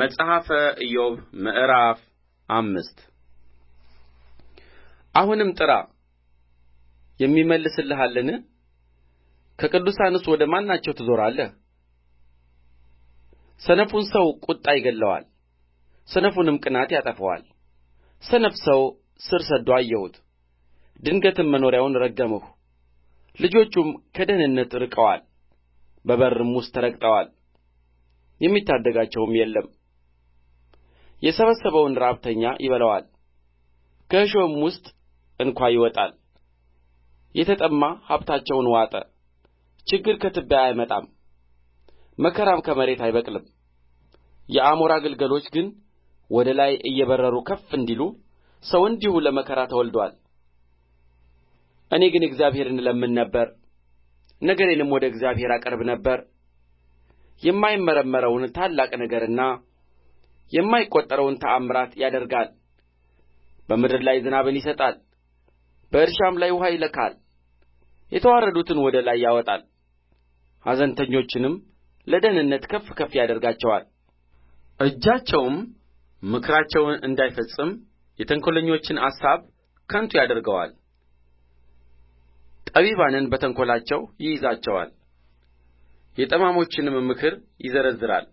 መጽሐፈ ኢዮብ ምዕራፍ አምስት አሁንም ጥራ የሚመልስልህ ከቅዱሳንስ ወደ ማናቸው ትዞራለህ ሰነፉን ሰው ቍጣ ይገድለዋል ሰነፉንም ቅናት ያጠፋዋል ሰነፍ ሰው ሥር ሰዶ አየሁት ድንገትም መኖሪያውን ረገምሁ ልጆቹም ከደኅንነት ርቀዋል በበርም ውስጥ ተረግጠዋል የሚታደጋቸውም የለም የሰበሰበውን ራብተኛ ይበላዋል ከእሾህም ውስጥ እንኳ ይወጣል የተጠማ ሀብታቸውን ዋጠ ችግር ከትቢያ አይመጣም መከራም ከመሬት አይበቅልም የአሞራ ግልገሎች ግን ወደ ላይ እየበረሩ ከፍ እንዲሉ ሰው እንዲሁ ለመከራ ተወልዶአል እኔ ግን እግዚአብሔርን እለምን ነበር ነገሬንም ወደ እግዚአብሔር አቀርብ ነበር የማይመረመረውን ታላቅ ነገርና የማይቈጠረውን ተአምራት ያደርጋል በምድር ላይ ዝናብን ይሰጣል በእርሻም ላይ ውኃ ይልካል የተዋረዱትን ወደ ላይ ያወጣል ኀዘንተኞችንም ለደኅንነት ከፍ ከፍ ያደርጋቸዋል እጃቸውም ምክራቸውን እንዳይፈጽም የተንኰለኞችን አሳብ ከንቱ ያደርገዋል ጠቢባንን በተንኰላቸው ይይዛቸዋል የጠማሞችንም ምክር ይዘረዝራል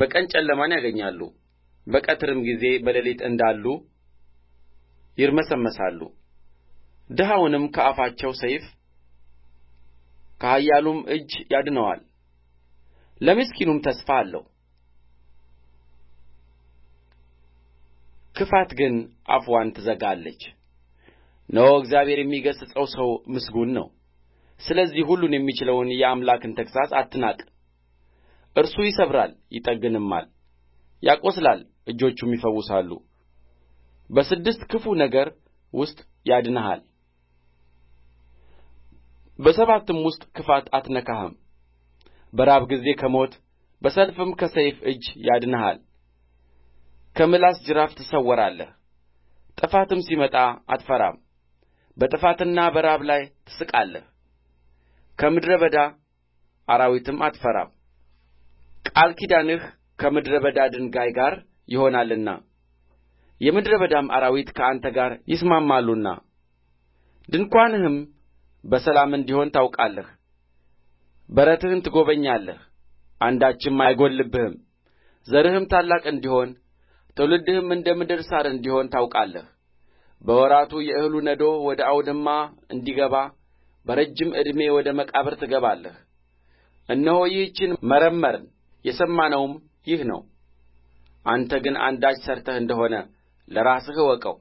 በቀን ጨለማን ያገኛሉ በቀትርም ጊዜ በሌሊት እንዳሉ ይርመሰመሳሉ ድሀውንም ከአፋቸው ሰይፍ ከኃያሉም እጅ ያድነዋል ለምስኪኑም ተስፋ አለው ክፋት ግን አፍዋን ትዘጋለች እነሆ እግዚአብሔር የሚገሥጸው ሰው ምስጉን ነው ስለዚህ ሁሉን የሚችለውን የአምላክን ተግሣጽ አትናቅ እርሱ ይሰብራል ይጠግንማል ያቈስላል እጆቹም ይፈውሳሉ በስድስት ክፉ ነገር ውስጥ ያድንሃል በሰባትም ውስጥ ክፋት አትነካህም በራብ ጊዜ ከሞት በሰልፍም ከሰይፍ እጅ ያድንሃል ከምላስ ጅራፍ ትሰወራለህ ጥፋትም ሲመጣ አትፈራም በጥፋትና በራብ ላይ ትስቃለህ ከምድረ በዳ አራዊትም አትፈራም ቃል ኪዳንህ ከምድረ በዳ ድንጋይ ጋር ይሆናልና የምድረ በዳም አራዊት ከአንተ ጋር ይስማማሉና ድንኳንህም በሰላም እንዲሆን ታውቃለህ በረትህን ትጐበኛለህ አንዳችም አይጐድልብህም ዘርህም ታላቅ እንዲሆን ትውልድህም እንደ ምድር ሣር እንዲሆን ታውቃለህ በወራቱ የእህሉ ነዶ ወደ አውድማ እንዲገባ በረጅም ዕድሜ ወደ መቃብር ትገባለህ እነሆ ይህችን መረመርን የሰማነውም ይህ ነው አንተ ግን አንዳች ሠርተህ እንደ ሆነ ለራስህ እወቀው